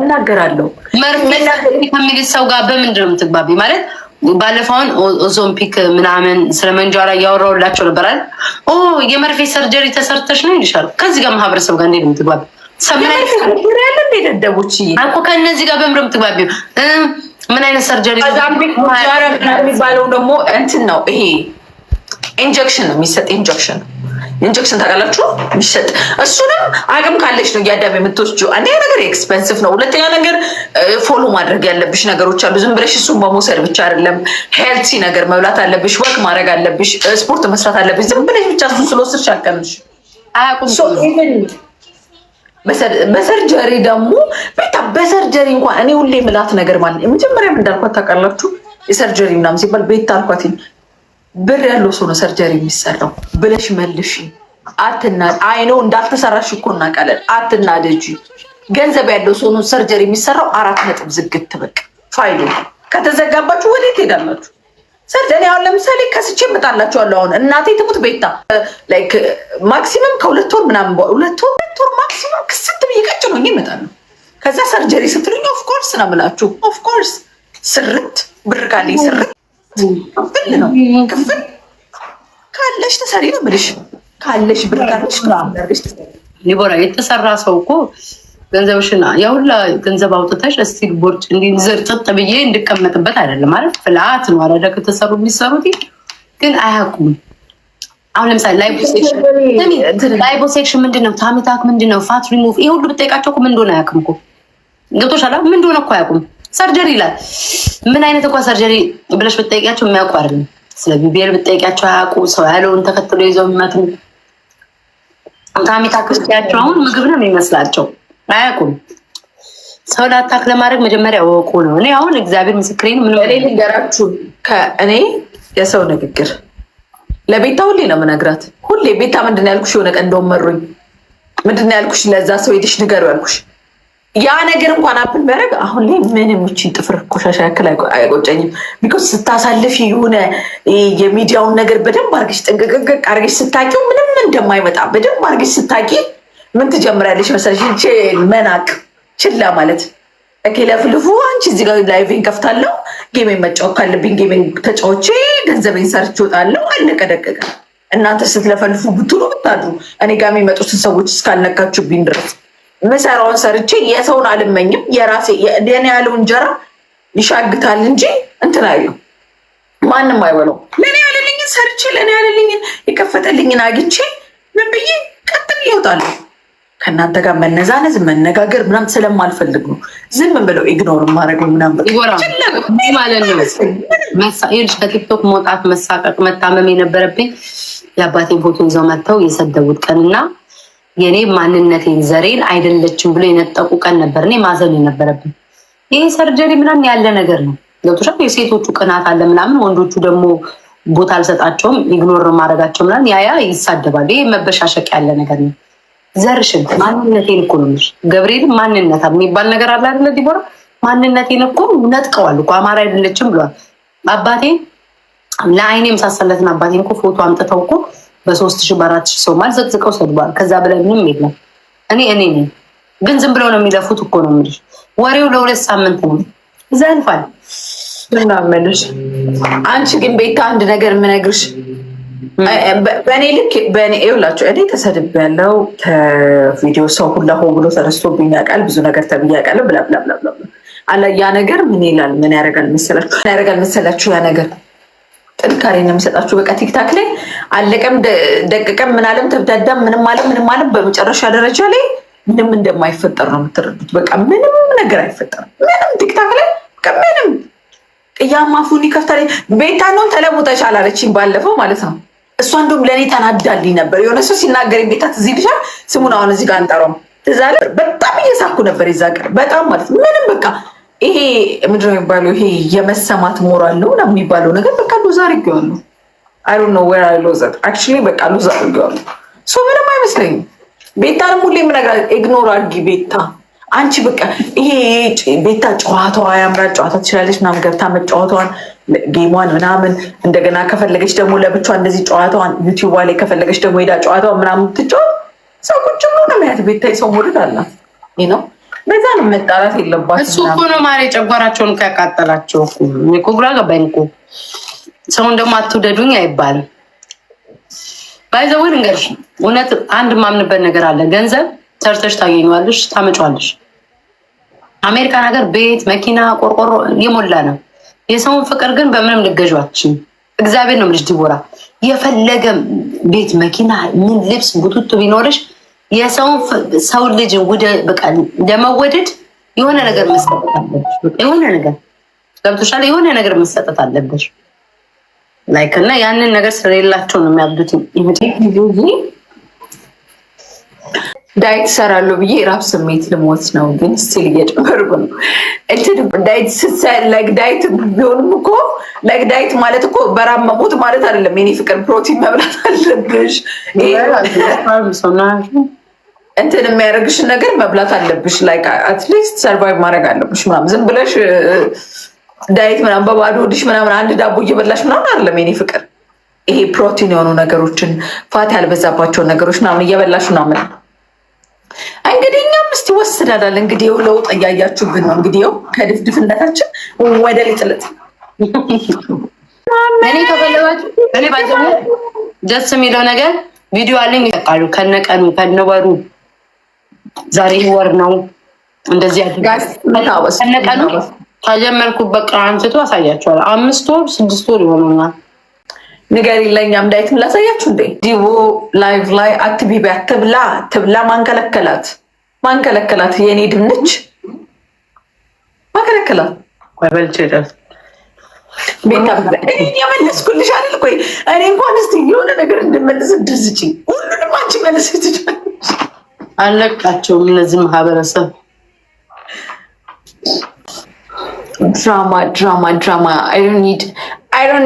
እናገራለሁ። ከሚል ሰው ጋር በምንድን ነው የምትግባቢ? ማለት ባለፈውን ኦዞምፒክ ምናምን ስለ መንጃራ እያወራሁላቸው ነበራል። አይደል? የመርፌ ሰርጀሪ ተሰርተሽ ነው ይልሻል። ከዚህ ጋር ማህበረሰብ ጋር እንዴት ነው የምትግባቢ? ሰምናደደቦች እኮ ከእነዚህ ጋር በምንድን ነው የምትግባቢ? ምን አይነት ሰርጀሪ የሚባለው ደግሞ እንትን ነው ይሄ ኢንጀክሽን ነው የሚሰጥ ኢንጀክሽን ኢንጀክሽን ታውቃላችሁ የሚሰጥ እሱንም አቅም ካለች ነው እያዳም የምትወስጂው። አንደኛ ነገር ኤክስፐንሲቭ ነው፣ ሁለተኛ ነገር ፎሎ ማድረግ ያለብሽ ነገሮች አሉ። ዝም ብለሽ እሱን በመውሰድ ብቻ አይደለም። ሄልቲ ነገር መብላት አለብሽ፣ ወቅ ማድረግ አለብሽ፣ ስፖርት መስራት አለብሽ። ዝም ብለሽ ብቻ እሱን ስለወሰድሽ አቀምሽ በሰርጀሪ ደግሞ በቃ በሰርጀሪ እንኳን እኔ ሁሌ ምላት ነገር ማለት መጀመሪያም እንዳልኳት ታውቃላችሁ የሰርጀሪ ምናምን ሲባል ቤት ታልኳትኝ ብር ያለው ሰው ነው ሰርጀሪ የሚሰራው ብለሽ መልሽ። አትና አይነው እንዳልተሰራሽ እኮ እናውቃለን። አትናደጂ። ገንዘብ ያለው ሰው ነው ሰርጀሪ የሚሰራው። አራት ነጥብ ዝግት በቃ ፋይሉ ከተዘጋባችሁ ወዴት ሄዳላችሁ? ሰርጀሪ አሁን ለምሳሌ ከስቼ እመጣላችኋለሁ። አሁን እናቴ ትሙት ቤታ ላይክ ማክሲመም ከሁለት ወር ምናምን ሁለት ወር ሁለት ወር ማክሲመም ክስት ብዬ ቀጭ ነው እመጣለሁ። ከዛ ሰርጀሪ ስትሉኝ ኦፍኮርስ ነው የምላችሁ። ኦፍኮርስ ስርት ብር ካለኝ ስርት ክፍል ነው ክፍል ካለሽ ተሰሪ ነው ብልሽ ካለሽ ብር ካለሽ ሊቦራ የተሰራ ሰው እኮ ገንዘብሽን የሁላ ገንዘብ አውጥተሽ እስቲ ቦርጭ እንዲዘርጥጥ ብዬ እንድቀመጥበት አይደለም ማለት ፍላት ነው አዳዳ ከተሰሩ የሚሰሩት ግን አያውቁም። አሁን ለምሳሌ ላይቦሴክሽን ምንድን ነው? ታሚታክ ምንድን ነው? ፋት ሪሙቭ ይህ ሁሉ ብጠይቃቸው ምን እንደሆነ አያውቅም እኮ ገብቶሻል። ምን እንደሆነ እኮ አያውቁም። ሰርጀሪ ይላል። ምን አይነት እንኳን ሰርጀሪ ብለሽ ብጠይቂያቸው የሚያውቁ አይደለም። ስለ ቢቢኤል ብጠይቂያቸው አያውቁ። ሰው ያለውን ተከትሎ ይዘው የሚመጡ ታሚታ ክርስቲያቸው አሁን ምግብ ነው የሚመስላቸው፣ አያውቁም። ሰው ለአታክ ለማድረግ መጀመሪያ ወቁ ነው። እኔ አሁን እግዚአብሔር ምስክሬን ምን እኔ ልንገራችሁ፣ ከእኔ የሰው ንግግር ለቤታ ሁሌ ነው የምነግራት። ሁሌ ቤታ ምንድን ያልኩሽ? የሆነ ቀን እንደውም መሩኝ። ምንድን ያልኩሽ? ለዛ ሰው ሄድሽ ንገሩ ያልኩሽ ያ ነገር እንኳን አፕል ቢያደርግ አሁን ላይ ምንም ውችን ጥፍር ቆሻሻ ያክል አይቆጨኝም። ቢኮዝ ስታሳልፊ የሆነ የሚዲያውን ነገር በደንብ አርግሽ ጥንቅቅቅቅ አርግሽ ስታቂው ምንም እንደማይመጣ በደንብ አርግሽ ስታቂ ምን ትጀምሪያለሽ መሰለሽ? መናቅ ችላ ማለት ለፍልፉ አንቺ እዚህ ጋር ላይቬን ከፍታለሁ፣ ጌሜን መጫወት ካለብኝ ጌሜን ተጫዎቼ ገንዘቤን ሰርች ይወጣለሁ። አለቀ ደቀቀ። እናንተ ስትለፈልፉ ብትሉ ብታድሩ እኔ ጋር የሚመጡትን ሰዎች እስካልነካችሁብኝ ድረስ ምሰራውን ሰርቼ የሰውን አልመኝም። የራሴ የኔ ያለው እንጀራ ይሻግታል እንጂ እንትን አይሉ ማንም አይበለው። ለእኔ ያለልኝን ሰርቼ ለእኔ ያለልኝን የከፈተልኝን አግቼ ምን ብዬ ቀጥል ይወጣሉ። ከእናንተ ጋር መነዛነዝ መነጋገር ምናምን ስለማልፈልግ ነው ዝም ብለው ኢግኖር ማድረግ ምናምን ከቲክቶክ መውጣት መሳቀቅ መታመም የነበረብኝ የአባቴን ፎቶ ይዘው መጥተው የሰደቡት ቀንና የኔ ማንነቴን ዘሬን አይደለችም ብሎ የነጠቁ ቀን ነበር። እኔ ማዘን የነበረብን ይሄ ሰርጀሪ ምናምን ያለ ነገር ነው። ገብቶሻል። የሴቶቹ ቅናት አለ ምናምን፣ ወንዶቹ ደግሞ ቦታ አልሰጣቸውም፣ ኢግኖር ማድረጋቸው ምናምን ያያ ይሳደባሉ። ይሄ መበሻሸቅ ያለ ነገር ነው። ዘርሽን ማንነቴን እኮ ነው ገብርኤል፣ ማንነት የሚባል ነገር አለ አይደለ? ዲቦራ ማንነቴን እኮ ነጥቀዋል እኮ አማራ አይደለችም ብለዋል። አባቴ ለአይኔ የመሳሰለትን አባቴን እኮ ፎቶ አምጥተው እኮ በሶስት ሺ በአራት ሺ ሰው ማለት ዘቅዝቀው ሰድቧል። ከዛ በላይ ምንም የለም። እኔ እኔ ነኝ ግን ዝም ብለው ነው የሚለፉት እኮ ነው የምልሽ። ወሬው ለሁለት ሳምንት ነው እዛ ያልፋል። ምናምንሽ አንቺ ግን ቤታ አንድ ነገር የምነግርሽ በእኔ ልክ በእኔ ይውላችሁ እኔ ተሰድብ ያለው ከቪዲዮ ሰው ሁላ ሆ ብሎ ተነስቶብኝ ያውቃል። ብዙ ነገር ተብዬ ያውቃለሁ። ብላብላብላ አለ ያ ነገር ምን ይላል ምን ያደርጋል መሰላችሁ? ያ ነገር ጥንካሬ ነው የሚሰጣችሁ። በቃ ቲክታክ ላይ አለቀም ደቀቀም ምናለም ተብዳዳም ምንም አለም ምንም አለም በመጨረሻ ደረጃ ላይ ምንም እንደማይፈጠር ነው የምትረዱት። በቃ ምንም ነገር አይፈጠርም። ምንም ቲክታክ ላይ በቃ ምንም ቅያማ ፉን ይከፍታል። ቤታ ነው ተለውጠሻል አለችኝ ባለፈው ማለት ነው። እሷ እንደውም ለእኔ ተናዳልኝ ነበር። የሆነ ሰው ሲናገር ቤታ ትዝ ይልሻል? ስሙን አሁን እዚህ ጋር አንጠራውም። ትዝ አለ። በጣም እየሳኩ ነበር የዛ ቀን በጣም ማለት ምንም በቃ ይሄ ምንድን ነው የሚባለው? ይሄ የመሰማት ሞራል ነው ነው የሚባለው ነገር በቃ ሎዝ አድርጌዋለሁ። አይ ዶንት ኖ ዌር አይ ሎዝ ኢት አክቹዋሊ በቃ ሎዝ አድርጌዋለሁ። ሶ ምንም አይመስለኝም። ቤታንም ሁሌ የምነግራት ኢግኖር አድርጊ ቤታ አንቺ በቃ ይሄ ቤታ ጨዋታዋ ያምራል፣ ጨዋታ ትችላለች ምናምን ገብታ መጫወቷን ጌሟን ምናምን እንደገና ከፈለገች ደግሞ ለብቻ እንደዚህ ጨዋታዋን ዩቲዩብ ላይ ከፈለገች ደግሞ ሄዳ ጨዋታዋን ምናምን ትጫወት። ሰው ቁጭ ብሎ ነው የሚያት ቤታ ሰው ሞድድ አላት ነው በዛ ነው መጣላት የለባቸው። እሱ እኮ ነው ማሬ ጨጓራቸውን ከያቃጠላቸው እኮ ግራ ገባኝ ሰውን ደግሞ አትውደዱኝ አይባልም። ባይዘዌ ልንገርሽ፣ እውነት አንድ ማምንበት ነገር አለ። ገንዘብ ሰርተሽ ታገኘዋለሽ፣ ታመጫዋለሽ። አሜሪካን ሀገር ቤት፣ መኪና፣ ቆርቆሮ የሞላ ነው። የሰውን ፍቅር ግን በምንም ልገዣችን እግዚአብሔር ነው የምልሽ ዲቦራ፣ የፈለገ ቤት፣ መኪና፣ ምን ልብስ፣ ቡቱቱ ቢኖርሽ የሰውን ሰው ልጅ ውደ በቃ እንደመወደድ የሆነ ነገር መሰጠት አለብሽ። የሆነ ነገር ገብቶሻል። የሆነ ነገር መሰጠት አለብሽ ላይክ እና ያንን ነገር ስለሌላቸው ነው የሚያብዱት። ዳይት ሰራሉ ብዬ ራብ ስሜት ልሞት ነው፣ ግን ስቲል እየጨመርኩ ነው። ዳይት ቢሆንም እኮ ለግዳይት ማለት እኮ በራብ መሞት ማለት አይደለም። የኔ ፍቅር ፕሮቲን መብላት አለብሽ። እንትን የሚያደርግሽን ነገር መብላት አለብሽ። ላይክ አትሊስት ሰርቫይቭ ማድረግ አለብሽ ምናምን ዝም ብለሽ ዳይት ምናምን በባዶ ሆድሽ ምናምን አንድ ዳቦ እየበላሽ ምናምን አይደለም የኔ ፍቅር። ይሄ ፕሮቲን የሆኑ ነገሮችን ፋት ያልበዛባቸውን ነገሮች ምናምን እየበላሽ ምናምን እንግዲህ እኛም እስኪ ወስዳዳል። እንግዲህ ው ለውጥ እያያችሁብን ነው። እንግዲህ ው ከድፍድፍነታችን ወደ ሊጥልጥ ደስ የሚለው ነገር ቪዲዮ አለኝ ይጠቃሉ ከነቀኑ ከነበሩ ዛሬ ወር ነው እንደዚህ ያደነቀኑ ከጀመርኩበት በቃ አንስቶ አሳያቸዋል። አምስት ወር ስድስት ወር ይሆኑናል። ንገሪ ለእኛም ዳይትም ላሳያችሁ እንዴ ዲቦ ላይቭ ላይ አትቢቢ ትብላ ትብላ ማንከለከላት ማንከለከላት የእኔ ድንች ማንከለከላት በልቼ የመለስኩልሽ አይደል? ቆይ እኔ እንኳን እስኪ የሆነ ነገር እንድመልስ ድርዝጭ ሁሉንም አንቺ መልስ ትችላለሽ። አለቃቸውም እነዚህ ማህበረሰብ ድራማ ድራማ ድራማ አይ ዶንት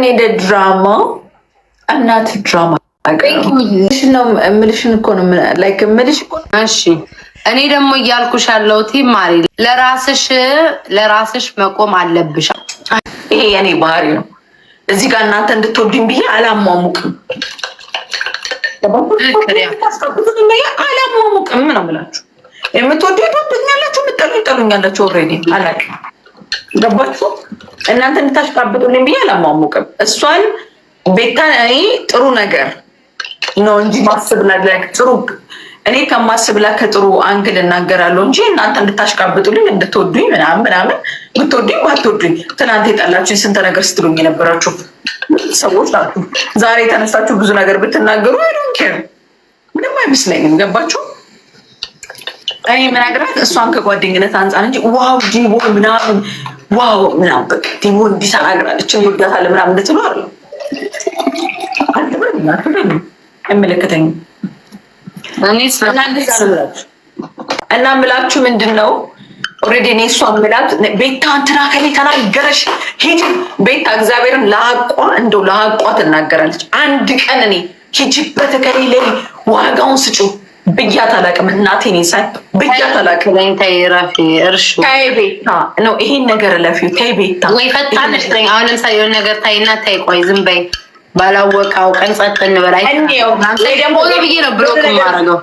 ኒድ ድራማ እናት ድራማ ምልሽን እኮ ነው ምልሽ እሺ እኔ ደግሞ እያልኩሽ ያለው ማሪ ለራስሽ ለራስሽ መቆም አለብሽ ይሄ የኔ ባህሪ ነው እዚህ ጋር እናንተ እንድትወዱኝ ብዬ አላሟሙቅም አላሟሙቅም ነው የምላችሁ። የምትወዱ የምጠሉ ይጠሉኛላችሁ። ኦልሬዲ ገባችሁ? እናንተ እንድታሽቃብጡልኝ ብዬ አላሟሙቅም። እሷን ቤታ ጥሩ ነገር ነው እንጂ ማስብ ጥሩ እኔ ከማስብላ ከጥሩ አንግል እናገራለሁ እንጂ እናንተ እንድታሽቃብጡልኝ እንድትወዱኝ ምናምን ምናምን ብትወዱኝ ባትወዱኝ ትናንት የጣላችሁኝ ስንት ነገር ስትሉኝ የነበራችሁ ሰዎች ናችሁ። ዛሬ የተነሳችሁ ብዙ ነገር ብትናገሩ አይዶንኬር ምንም አይመስለኝም። ገባችሁ? እኔ የምነግራት እሷን ከጓደኝነት አንጻር እንጂ ዋው ዲቦ ምናምን ዋው ምናምን በቃ ዲቦ እንዲሰናግራለች እንወዳታለን ምናምን እንድትሉ አለ አልትበ ምናምን አይመለከተኝም። እና ምላችሁ ምንድን ነው? ኦልሬዲ እኔ እሷ ምላት ቤታ እንትና ከሌ ተናገረሽ ሂጂ። ቤታ እግዚአብሔርን ለሀቋ እንደው ለሀቋ ትናገራለች። አንድ ቀን እኔ ሂጂበት ከሌለ ዋጋውን ስጩ ብያት አላቅም። እናቴ ኔ ሳይ ብያት አላቅም። ቤታ ነው ይሄን ነገር ለፊው ተይ ቤታ ወይ ፈጣን አሁን ለምሳሌ የሆነ ነገር ታይና ታይ ቆይ ዝም በይ ባላወቃው ቀን ጸጥ እንበላይ ደግሞ ብዬ ነው ብሎክ የማደርገው።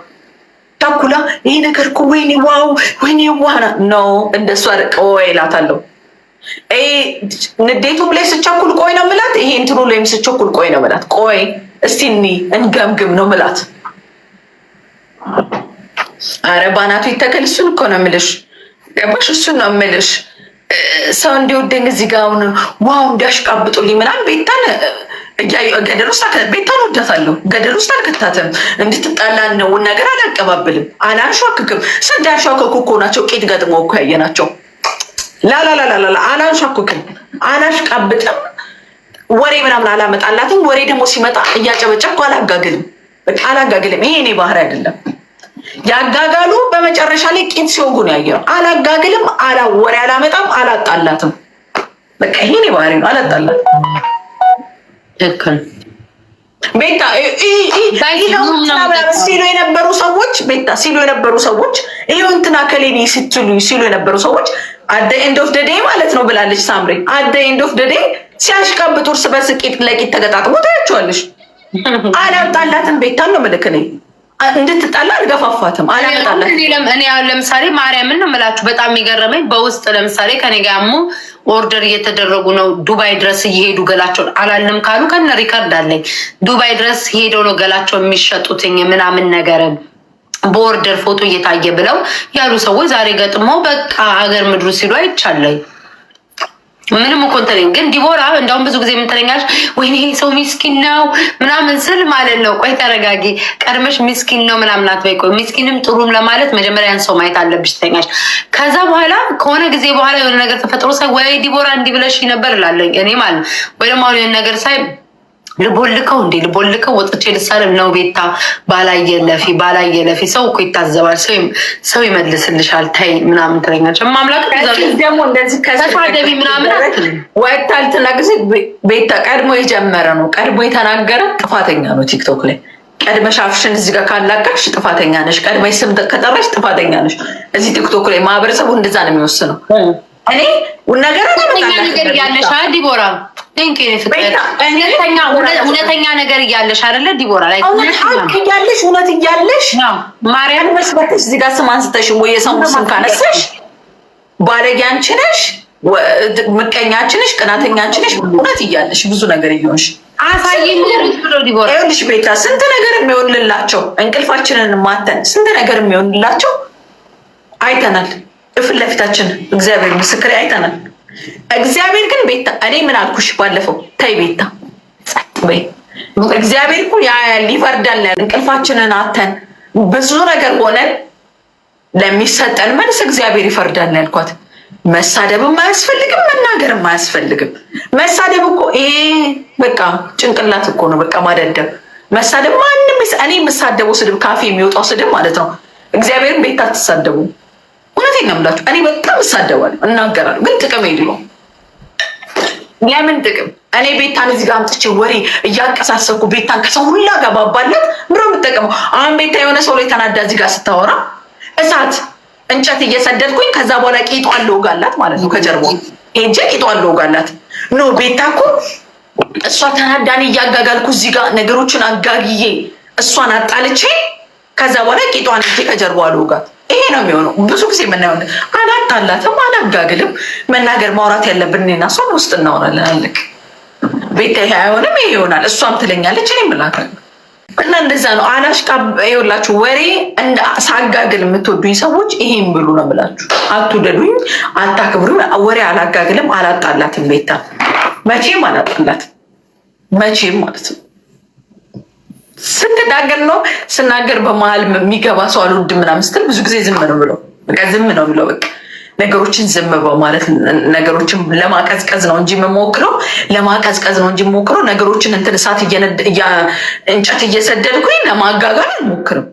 ታኩላ ይሄ ነገር እኮ ወይኔ ዋው ወይኔ ዋና ነው እንደሱ አደቀ ይላታለሁ። ንዴቱም ላይ ስቸኩል ቆይ ነው ምላት። ይሄ እንትኑ ላይም ስቸኩል ቆይ ነው ምላት። ቆይ እስቲ እኒ እንገምግም ነው ምላት። አረ ባናቱ ይተከል። እሱን እኮ ነው ምልሽ፣ ገባሽ? እሱን ነው ምልሽ። ሰው እንዲወደኝ እዚህ ጋር አሁን ዋው እንዲያሽቃብጡልኝ ምናምን ቤታን ገደል ውስጥ ቤታን ወዳታለሁ። ገደል ውስጥ አልከታትም። እንድትጣላን ነውን ነገር አላቀባብልም፣ አላንሸዋክክም። ስንዳንሸዋከኩ እኮ ናቸው ቄጥ ገጥሞ እኮ ያየ ናቸው። ላላላላላ አላንሸዋክክም፣ አላሽቃብጥም። ወሬ ምናምን አላመጣላትም። ወሬ ደግሞ ሲመጣ እያጨበጨብኩ አላጋግልም፣ አላጋግልም። ይሄ እኔ ባህሪ አይደለም። ያጋጋሉ በመጨረሻ ላይ ቂት ሲወጉ ነው ያየው። አላጋግልም፣ አላወሬ አላመጣም፣ አላጣላትም። በቃ ይሄ እኔ ባህሪ ነው። አላጣላትም ትክክል ቤታ ሲሉ የነበሩ ሰዎች ቤታ ሲሉ የነበሩ ሰዎች ይሄው እንትና ከሌኒ ስትሉ ሲሉ የነበሩ ሰዎች አደ ኤንድ ኦፍ ደዴ ማለት ነው ብላለች ሳምሬ። አደ ኤንድ ኦፍ ደዴ ሲያሽቀብጡ እርስ በርስ ለቂት ተገጣጥሞ ታያቸዋለሽ። አላጣላትን ቤታን ነው ምልክ ነኝ እንድትጣላ አልገፋፋትም። እኔ አሁን ለምሳሌ ማርያምን ነው የምላችሁ፣ በጣም የሚገረመኝ በውስጥ ለምሳሌ ከኔ ጋር ያሙ ኦርደር እየተደረጉ ነው። ዱባይ ድረስ እየሄዱ ገላቸውን አላልም ካሉ ከነ ሪከርድ አለኝ። ዱባይ ድረስ ሄደው ነው ገላቸው የሚሸጡትኝ ምናምን ነገር በኦርደር ፎቶ እየታየ ብለው ያሉ ሰዎች ዛሬ ገጥሞ በቃ አገር ምድሩ ሲሉ አይቻለኝ። ምንም እኮ እንትን ግን ዲቦራ እንደውም ብዙ ጊዜ የምንተለኛል ወይኔ ሰው ሚስኪን ነው ምናምን ስል ማለት ነው። ቆይ ተረጋጊ፣ ቀድመሽ ሚስኪን ነው ምናምን አትበይ። ቆይ ሚስኪንም ጥሩም ለማለት መጀመሪያን ሰው ማየት አለብሽ ትለኛል። ከዛ በኋላ ከሆነ ጊዜ በኋላ የሆነ ነገር ተፈጥሮ ሳይ ወይ ዲቦራ እንዲህ ብለሽ ነበር እላለኝ እኔ ማለት ነው ወይ ደግሞ የሆነ ነገር ሳይ ልቦልከው እንዴ ልቦልከው ወጥቼ ልሳለም ነው ቤታ ባላየለፊ ባላየለፊ ሰው እኮ ይታዘባል፣ ሰው ይመልስልሻል። ታይ ምናምን ትለኛለች። ማምላክ ደግሞ እንደዚህ ከሰፋደቢ ምናምን ወታ ልትናገር ቤታ ቀድሞ የጀመረ ነው ቀድሞ የተናገረ ጥፋተኛ ነው። ቲክቶክ ላይ ቀድመሽ አፍሽን እዚህ ጋር ካላቀሽ ጥፋተኛ ነሽ። ቀድመሽ ስም ከጠራሽ ጥፋተኛ ነሽ። እዚህ ቲክቶክ ላይ ማህበረሰቡ እንደዛ ነው የሚወስነው። እኔ ነገር ዲቦራ ቴንክ ዩ ፍቅር፣ እውነተኛ እውነተኛ ነገር እያለሽ አይደለ ዲቦራ ላይ ሀቅ እያለሽ እውነት እያለሽ ማርያም መስበትሽ እዚህ ጋር ስም አንስተሽ ወይ የሰው ስም ካነሰሽ ባለጌ አንቺ ነሽ፣ ምቀኛ አንቺ ነሽ፣ ቅናተኛ ነሽ። እውነት እያለሽ ብዙ ነገር እየሆንሽ ይኸውልሽ ቤታ ስንት ነገር የሚሆንላቸው እንቅልፋችንን ማተን ስንት ነገር የሚሆንላቸው አይተናል። ፊት ለፊታችን እግዚአብሔር ምስክሬ አይተናል። እግዚአብሔር ግን ቤታ፣ እኔ ምን አልኩሽ ባለፈው? ተይ ቤታ ጸጥ በይ። እግዚአብሔር እኮ ያያል፣ ይፈርዳል። እንቅልፋችንን አተን ብዙ ነገር ሆነን ለሚሰጠን መልስ እግዚአብሔር ይፈርዳል ያልኳት። መሳደብም አያስፈልግም፣ መናገርም አያስፈልግም። መሳደብ እኮ ይሄ በቃ ጭንቅላት እኮ ነው፣ በቃ ማደደብ። መሳደብ ማንም እኔ የምሳደበው ስድብ ካፌ የሚወጣው ስድብ ማለት ነው። እግዚአብሔርን ቤት አትሳደቡ። እውነቴን ነው የምላችሁ። እኔ በጣም እሳደባለሁ፣ እናገራለሁ፣ ግን ጥቅም የለውም። ለምን ጥቅም? እኔ ቤታን እዚህ ጋር አምጥቼ ወሬ እያንቀሳሰብኩ ቤታን ከሰው ሁላ ጋር ባባለት ምሮ የምጠቀመው አሁን ቤታ የሆነ ሰው ላይ ተናዳ እዚህ ጋር ስታወራ እሳት እንጨት እየሰደድኩኝ ከዛ በኋላ ቂጧ አለውጋላት ማለት ነው። ከጀርባ ሄጄ ቂጧ አለውጋላት ኖ ቤታ እኮ እሷ ተናዳን እያጋጋልኩ እዚህ ጋር ነገሮችን አጋግዬ እሷን አጣልቼ ከዛ በኋላ ቂጧን ሄጄ ከጀርባ አለውጋት ይሄ ነው የሚሆነው። ብዙ ጊዜ የምናየው አላጣላትም፣ አላጋግልም። መናገር ማውራት ያለብን እኔና እሷን ውስጥ እናወራለን። አልክ ቤት ይሄ አይሆንም፣ ይሄ ይሆናል፣ እሷም ትለኛለች፣ እኔም እላታለሁ። እና እንደዛ ነው አላሽቃ የወላችሁ ወሬ እንደ ሳጋግል የምትወዱኝ ሰዎች ይሄን ብሉ ነው ብላችሁ አትውደዱኝ፣ አታክብሩኝ። ወሬ አላጋግልም፣ አላጣላትም። ቤታ መቼም አላጣላትም፣ መቼም ማለት ነው። ስንናገር ነው ስናገር በመሀል የሚገባ ሰው አልወድም ምናምን ስትል ብዙ ጊዜ ዝም ነው ብለው በቃ ዝም ነው ብለው በቃ ነገሮችን ዝም በው ማለት ነገሮችን ለማቀዝቀዝ ነው እንጂ የምሞክረው ለማቀዝቀዝ ነው እንጂ የምሞክረው ነገሮችን እንትን እሳት እንጨት እየሰደድኩኝ ለማጋጋል አልሞክርም።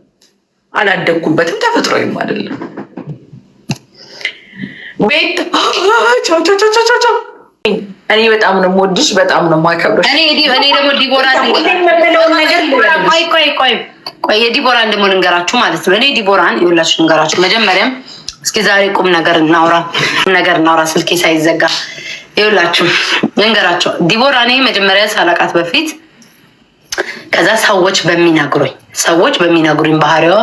አላደግኩበትም፣ ተፈጥሮዬም አይደለም ቤት እኔ በጣም ነው የምወድሽ፣ በጣም ነው የማከብረው። እኔ እኔ ደግሞ ዲቦራ ቆይ ቆይ ቆይ ቆይ የዲቦራን ደግሞ ልንገራችሁ ማለት ነው። እኔ ዲቦራን ይኸውላችሁ ልንገራችሁ። መጀመሪያም እስኪ ዛሬ ቁም ነገር እናውራ፣ ነገር እናውራ። ስልኬ ሳይዘጋ ይኸውላችሁ ልንገራቸው። ዲቦራ እኔ መጀመሪያ ሳላቃት በፊት ከዛ ሰዎች በሚነግሩኝ ሰዎች በሚነግሩኝ ባህሪዋ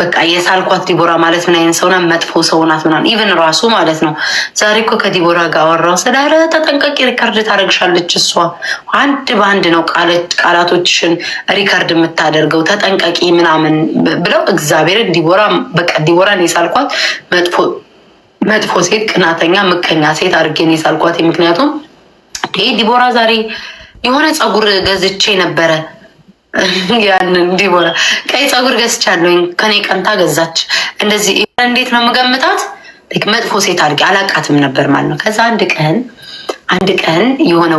በቃ የሳልኳት ዲቦራ ማለት ምን አይነት ሰውና መጥፎ ሰውናት ምናምን ኢቨን ራሱ ማለት ነው። ዛሬ እኮ ከዲቦራ ጋር አወራሁ ስለ ኧረ ተጠንቀቂ፣ ሪከርድ ታደርግሻለች እሷ አንድ በአንድ ነው ቃላቶችሽን ሪከርድ የምታደርገው ተጠንቀቂ ምናምን ብለው እግዚአብሔርን ዲቦራ በቃ ዲቦራን የሳልኳት መጥፎ መጥፎ ሴት፣ ቅናተኛ፣ ምቀኛ ሴት አድርጌን የሳልኳት ምክንያቱም ዲቦራ ዛሬ የሆነ ፀጉር ገዝቼ ነበረ። ያን ዲቦራ ቀይ ፀጉር ገዝቻለሁኝ ከኔ ቀንታ ገዛች። እንደዚህ እንዴት ነው የምገምታት? መጥፎ ሴት አድርጌ አላቃትም ነበር ማለት ነው። ከዛ አንድ ቀን አንድ ቀን የሆነ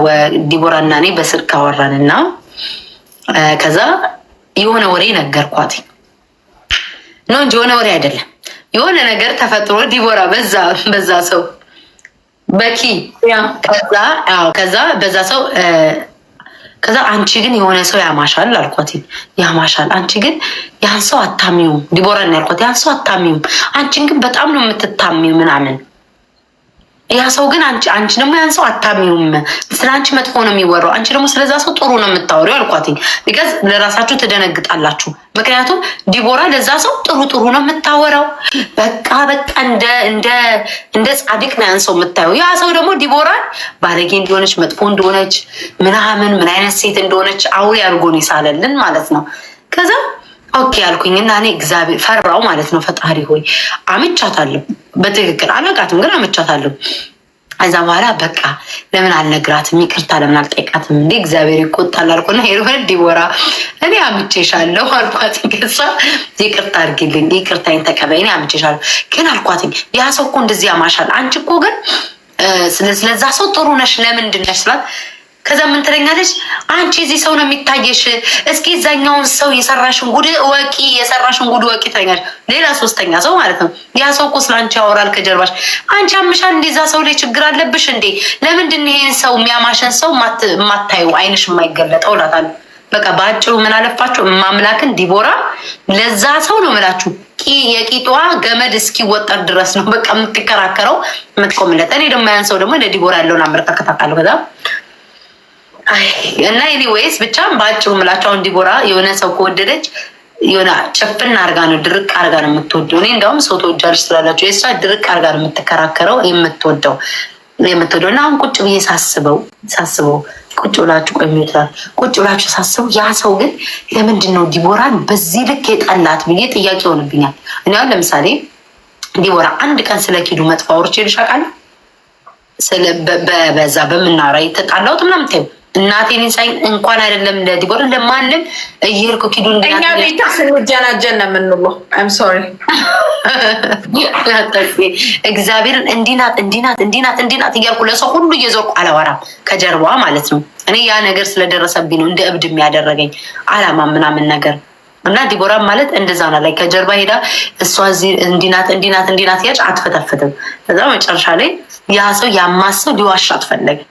ዲቦራና እኔ በስልክ እና ከዛ የሆነ ወሬ ነገርኳት ነው እንጂ የሆነ ወሬ አይደለም። የሆነ ነገር ተፈጥሮ ዲቦራ በዛ በዛ ሰው በኪ ከዛ በዛ ሰው ከዛ አንቺ ግን የሆነ ሰው ያማሻል አልኳት። ያማሻል አንቺ ግን ያን ሰው አታሚውም። ዲቦራ ያልኳት ያን ሰው አታሚውም፣ አንቺን ግን በጣም ነው የምትታሚው ምናምን ያ ሰው ግን አንቺ አንቺ ደግሞ ያን ሰው አታሚውም። ስለ አንቺ መጥፎ ነው የሚወራው፣ አንቺ ደግሞ ስለዛ ሰው ጥሩ ነው የምታወሪው አልኳትኝ። ቢካዝ ለራሳችሁ ትደነግጣላችሁ። ምክንያቱም ዲቦራ ለዛ ሰው ጥሩ ጥሩ ነው የምታወራው። በቃ በቃ እንደ እንደ እንደ ጻድቅ ነው ያን ሰው የምታየው። ያ ሰው ደግሞ ዲቦራን ባለጌ እንደሆነች መጥፎ እንደሆነች ምናምን ምን አይነት ሴት እንደሆነች አውሬ አድርጎ ይሳለልን ማለት ነው ከዛ ኦኬ አልኩኝ እና እኔ እግዚአብሔር ፈራው ማለት ነው። ፈጣሪ ሆይ አምቻታለሁ፣ በትክክል አላቃትም፣ ግን አምቻታለሁ። ከዛ በኋላ በቃ ለምን አልነግራትም? ይቅርታ ለምን አልጠይቃትም? እንዲ እግዚአብሔር ይቆጣል አልኩና ሄርበድ ይወራ እኔ አምቼሻለሁ አልኳት። ገሳ ይቅርታ አድርጊልኝ፣ ይቅርታዬን ተቀበይ፣ እኔ አምቼሻለሁ ግን አልኳትኝ። ያ ሰው እኮ እንደዚህ ያማሻል፣ አንቺ እኮ ግን ስለዛ ሰው ጥሩ ነሽ፣ ለምንድን ነሽ ስላት ከዛ ምን ትለኛለች? አንቺ እዚህ ሰው ነው የሚታየሽ፣ እስኪ እዛኛውን ሰው የሰራሽን ጉድ ወቂ፣ የሰራሽን ጉድ ወቂ ትለኛለች። ሌላ ሶስተኛ ሰው ማለት ነው። ያ ሰው ቁስ ለአንቺ ያወራል ከጀርባሽ። አንቺ አምሻል እንዴ? እዛ ሰው ላይ ችግር አለብሽ እንዴ? ለምንድን ይሄን ሰው የሚያማሸን ሰው ማታዩ አይንሽ የማይገለጠው እላታለሁ። በቃ በአጭሩ ምን አለፋችሁ ማምላክን ዲቦራ ለዛ ሰው ነው ምላችሁ የቂጧ ገመድ እስኪወጠር ድረስ ነው በቃ የምትከራከረው የምትቆምለት። እኔ ደግሞ ያን ሰው ደግሞ ለዲቦራ ያለውን አመለካከት አውቃለሁ። ከዛ እና ኤኒዌይስ ብቻ በአጭሩ ምላቸው አሁን ዲቦራ የሆነ ሰው ከወደደች የሆነ ጭፍን አርጋ ነው ድርቅ አርጋ ነው የምትወደው። እኔ እንዲያውም ሰው ተወጃለች ስላላቸው የስራ ድርቅ አርጋ ነው የምትከራከረው የምትወደው የምትወደው እና አሁን ቁጭ ብዬ ሳስበው ሳስበው ቁጭ ብላችሁ ቆይ ይላል ቁጭ ብላችሁ ሳስበው ያ ሰው ግን ለምንድን ነው ዲቦራን በዚህ ልክ የጠላት ብዬ ጥያቄ ሆንብኛል። እኔ አሁን ለምሳሌ ዲቦራ አንድ ቀን ስለ ኪዱ መጥፎ አውርቼልሽ አውቃለሁ? በዛ በምናራ የተጣላውት ምናምን ታዩ እናቴን ሳይ እንኳን አይደለም ለዲቦር ለማንም እየሄድኩ ኪዱ እኛ ቤታ ስንጀናጀን ነው የምንለው። አም ሶሪ እግዚአብሔርን እንዲናት እንዲናት እንዲናት እንዲናት እያልኩ ለሰው ሁሉ እየዞርኩ አላወራም፣ ከጀርባ ማለት ነው። እኔ ያ ነገር ስለደረሰብኝ ነው እንደ እብድ የሚያደረገኝ አላማ ምናምን ነገር እና ዲቦራ ማለት እንደዛ ና ላይ ከጀርባ ሄዳ እሷ እንዲህ እንዲናት እንዲናት ናት እንዲህ ያጭ አትፈተፍትም። ከዛ መጨረሻ ላይ ያ ሰው ያማሰው ሊዋሽ አትፈለግም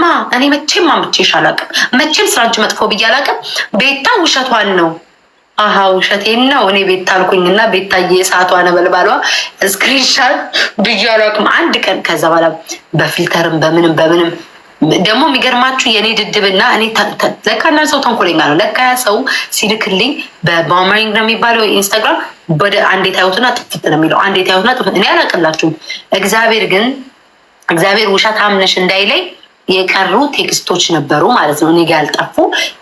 ማ እኔ መቼም አምጬሽ አላቅም። መቼም ስራ መጥፎ ብዬ አላቅም። ቤታ ውሸቷን ነው። አሀ ውሸቴን ነው እኔ ቤታ አልኩኝና ቤታዬ የሰዓቷ ነበልባሏ ስክሪንሻት ብዬ አላቅም አንድ ቀን። ከዛ በኋላ በፊልተርም በምንም በምንም ደግሞ የሚገርማችሁ የእኔ ድድብና እኔ ለካና ሰው ተንኮለኛ ነው። ለካ ያ ሰው ሲልክልኝ በባመሪንግ ነው የሚባለው ኢንስታግራም ወደ አንዴ ታዩትና ጥፍት ነው የሚለው አንዴ ታዩትና ጥፍት። እኔ አላቅላችሁም። እግዚአብሔር ግን እግዚአብሔር ውሸት አምነሽ እንዳይለኝ የቀሩ ቴክስቶች ነበሩ ማለት ነው። እኔ ጋ ያልጠፉ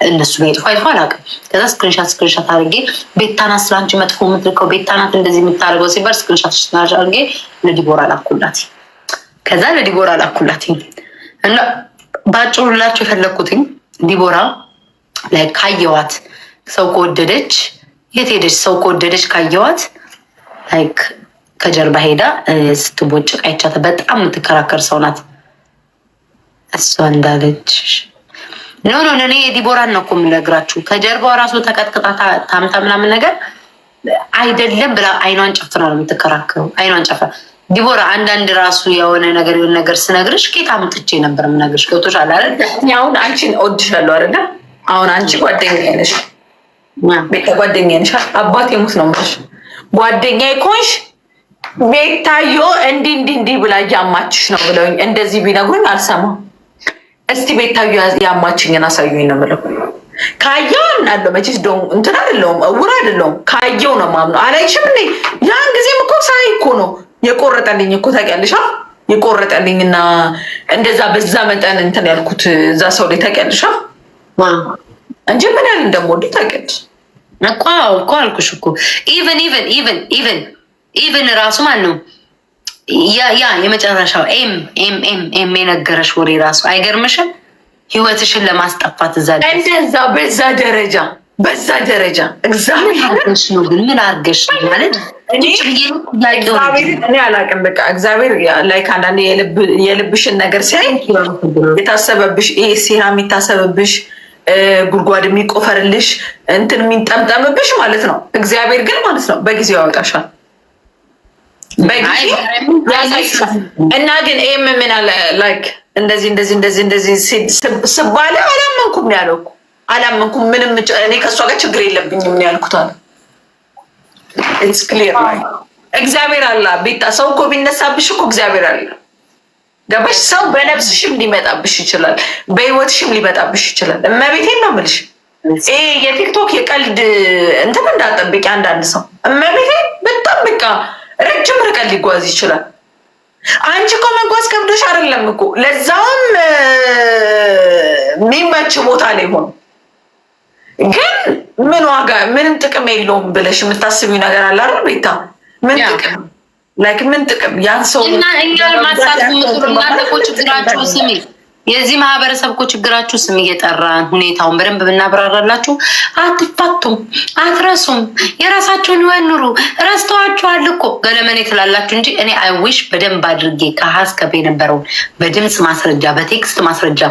እነሱ ቤት ፋይፋ አላውቅም። ከዛ ስክሪንሻት ስክሪንሻት አድርጌ ቤታናት ስለአንቺ መጥፎ የምትልከው ቤታናት እንደዚህ የምታደርገው ሲባል ስክሪንሻት ስክሪንሻት አድርጌ ለዲቦራ ላኩላት። ከዛ ለዲቦራ ላኩላት እና በአጭሩ ላቸው የፈለግኩትኝ ዲቦራ ላይ ካየዋት ሰው ከወደደች የት ሄደች? ሰው ከወደደች ካየዋት ላይክ ከጀርባ ሄዳ ስትቦጭቅ አይቻታ። በጣም የምትከራከር ሰው ናት። እሷ እንዳለች ኖ ኖ እኔ የዲቦራን ነው እኮ የምነግራችሁ። ከጀርባው ራሱ ተቀጥቅጣ ታምታ ምናምን ነገር አይደለም ብላ አይኗን ጨፍና ነው የምትከራከሩ። አይኗን ጨፍና ዲቦራ፣ አንዳንድ ራሱ የሆነ ነገር የሆነ ነገር ስነግርሽ ኬት አምጥቼ ነበር የምነግርሽ። ገብቶሻል አይደል? አሁን አንቺን እወድሻለሁ አይደለ? አሁን አንቺ ጓደኛ ነሽ፣ ቤተ ጓደኛ ነሽ። አባቴ ሙት ነው ጓደኛ ይኮንሽ ቤት ቤታዮ እንዲህ እንዲህ እንዲህ ብላ እያማችሽ ነው ብለውኝ እንደዚህ ቢነግሩኝ አልሰማም እስቲ ቤታዩ ያማችኝን አሳዩኝ ነው የምለው። ካየው አምናለሁ። መቼስ ደ እንትን አይደለሁም እውር አይደለሁም። ካየው ነው ማምነው። አላይሽም እ ያን ጊዜም እኮ ሳይ እኮ ነው የቆረጠልኝ እኮ ታውቂያለሽ። የቆረጠልኝ እና እንደዛ በዛ መጠን እንትን ያልኩት እዛ ሰው ላይ ታውቂያለሽ እንጂ ምን ያህል እንደምወዱ ታውቂያለሽ እኮ እኮ አልኩሽ እኮ ኢቨን ኢቨን ኢቨን ኢቨን ኢቨን ራሱ ማለት ያ የመጨረሻው ኤም ኤም ኤም ኤም የነገረሽ ወሬ ራሱ አይገርምሽም? ህይወትሽን ለማስጠፋት እዛ እንደዛ በዛ ደረጃ በዛ ደረጃ እግዚአብሔር ነው። ግን ምን አርገሽ ማለት እኔ አላቅም። በቃ እግዚአብሔር ላይ ከአንዳንድ የልብሽን ነገር ሲያይ የታሰበብሽ ይሄ ሴራ የሚታሰብብሽ ጉድጓድ የሚቆፈርልሽ እንትን የሚንጠምጠምብሽ ማለት ነው። እግዚአብሔር ግን ማለት ነው በጊዜው ያወጣሻል። እና ግን ይህም ምን ላይክ እንደዚህ እንደዚህ እንደዚህ እንደዚህ ስባለ አላመንኩም ያለው አላመንኩም። ምንም እኔ ከእሷ ጋር ችግር የለብኝም ነው ያልኩት አለ። ኢትስ ክሊር እግዚአብሔር አለ። ቤታ ሰው እኮ ቢነሳብሽ እኮ እግዚአብሔር አለ። ገባሽ? ሰው በነፍስሽም ሊመጣብሽ ይችላል፣ በህይወትሽም ሊመጣብሽ ይችላል። እመቤቴን ነው የምልሽ። ይሄ የቲክቶክ የቀልድ እንትን እንዳጠብቂ አንዳንድ ሰው እመቤቴን በጣም በቃ ረጅም ርቀት ሊጓዝ ይችላል። አንቺ እኮ መጓዝ ከብዶሽ አይደለም እኮ ለዛውም የሚመች ቦታ ላይ ሆኖ ግን ምን ዋጋ ምንም ጥቅም የለውም ብለሽ የምታስቢው ነገር አለ አይደል? ቤታ ምን ጥቅም ላይክ ምን ጥቅም ያን ሰው እኛ ማሳት ምክርና ችግራቸው ስሜ የዚህ ማህበረሰብ እኮ ችግራችሁ ስም እየጠራን ሁኔታውን በደንብ ብናብራራላችሁ አትፋቱም፣ አትረሱም። የራሳቸውን ይወን ኑሩ። ረስተዋችኋል እኮ ገለመኔ ትላላችሁ እንጂ እኔ አይዊሽ በደንብ አድርጌ ከሀስ ከብ የነበረውን በድምፅ ማስረጃ፣ በቴክስት ማስረጃ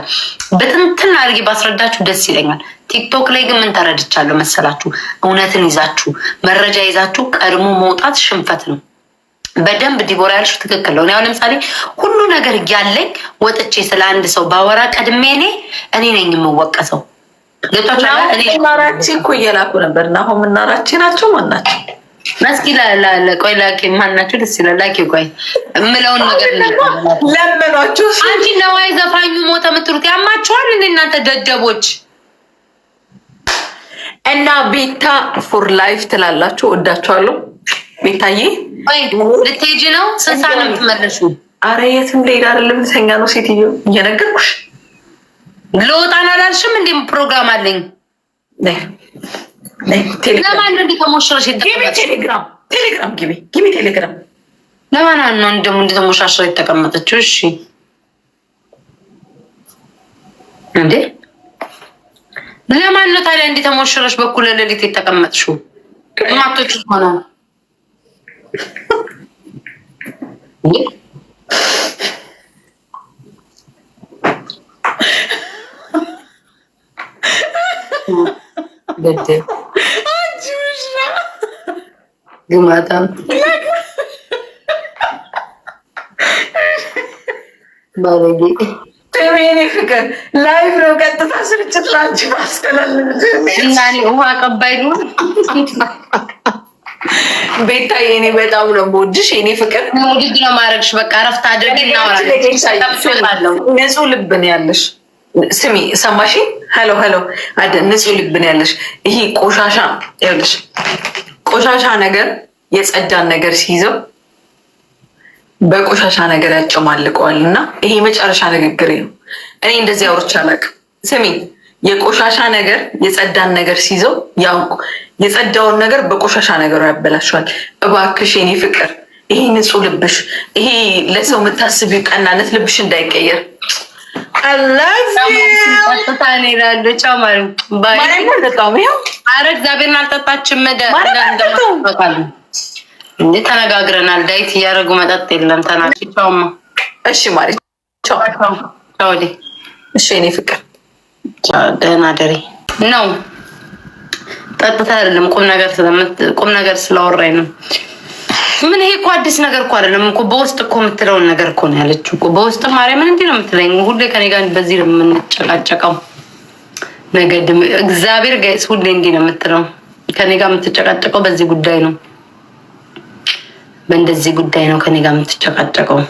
በትንትን አድርጌ ባስረዳችሁ ደስ ይለኛል። ቲክቶክ ላይ ግን ምን ተረድቻለሁ መሰላችሁ? እውነትን ይዛችሁ መረጃ ይዛችሁ ቀድሞ መውጣት ሽንፈት ነው። በደንብ ዲቦራ ያልሽው ትክክል ነው። ያው ለምሳሌ ሁሉ ነገር እያለኝ ወጥቼ ስለ አንድ ሰው ባወራ ቀድሜ እኔ እኔ ነኝ የምወቀሰው። ገብቶችናራቺ እኮ እየላኩ ነበር እና አሁን ምናራቺ ናቸው ማናቸው መስኪ ቆይ ላኪ ማናቸው ደስ ይላል። ላኪ ቆይ የምለውን ነገር ለመኗቸው። አንቺ ነዋይ ዘፋኙ ሞተ የምትሉት ያማቸዋል እንዴ እናንተ ደደቦች? እና ቤታ ፎር ላይፍ ትላላችሁ። ወዳችኋለሁ ቤታዬ ልትሄጂ ነው? ስንት ሰዓት ነው አረ የት ልሄድ አይደለም፣ ልተኛ ነው። ሴትዮ እየነገርኩሽ ለወጣን አላልሽም? እንዲም ፕሮግራም አለኝ። ለማን ነው እንደተሞሸረሽ? ቴሌግራም ግቢ ግቢ፣ ቴሌግራም ለማን ነው የተቀመጠችው? እሺ እንዴ ለማን ነው ታዲያ እንደተሞሸረሽ በኩል ለሌሊት የተቀመጥሽው? ማቶች ሆነ ግማታም ባለጌ ትሜኔ ፍቅር ላይፍ ነው። ቀጥታ ስርጭት ላንቺ ማስከላል እና ውሃ ቀባይ ነው። ቤታዬ እኔ በጣም ነው ቦድሽ እኔ ፍቅር ውድድ ነው ማድረግሽ። በቃ ረፍት አድርግ፣ እናወራለን። ንጹህ ልብ ነው ያለሽ። ስሚ ሰማሽ? ሄሎ ሄሎ፣ አደ ንጹህ ልብ ነው ያለሽ። ይሄ ቆሻሻ ያለሽ ቆሻሻ ነገር የጸዳን ነገር ሲይዘው በቆሻሻ ነገር ያጨማልቀዋል። እና ይሄ መጨረሻ ንግግሬ ነው። እኔ እንደዚህ አውርቼ አላውቅም። ስሚ የቆሻሻ ነገር የጸዳን ነገር ሲይዘው ያውቁ የጸዳውን ነገር በቆሻሻ ነገሩ ያበላሸዋል። እባክሽ የኔ ፍቅር ይሄ ንጹህ ልብሽ ይሄ ለሰው የምታስቢው ቀናነት ልብሽ እንዳይቀየር አልጠጣችም ተነጋግረናል። ዳይት እያደረጉ መጠጥ የለም። ተናግረን እሺ ማለት እሺ እኔ ፍቅር ደህና ደሪ ነው። ጠጥታ አይደለም ቁም ነገር ቁም ነገር ስላወራኝ ነው። ምን ይሄ እኮ አዲስ ነገር እኮ አይደለም እኮ በውስጥ እኮ የምትለውን ነገር እኮ ነው ያለችው እኮ በውስጥ ማርያምን እንዲህ ነው የምትለኝ። ሁሌ ከኔ ጋር በዚህ ነው የምንጨቃጨቀው። ነገ እግዚአብሔር ጋይስ ሁሌ እንዲህ ነው የምትለው ከኔ ጋር የምትጨቃጨቀው በዚህ ጉዳይ ነው፣ በእንደዚህ ጉዳይ ነው ከኔ ጋር የምትጨቃጨቀው።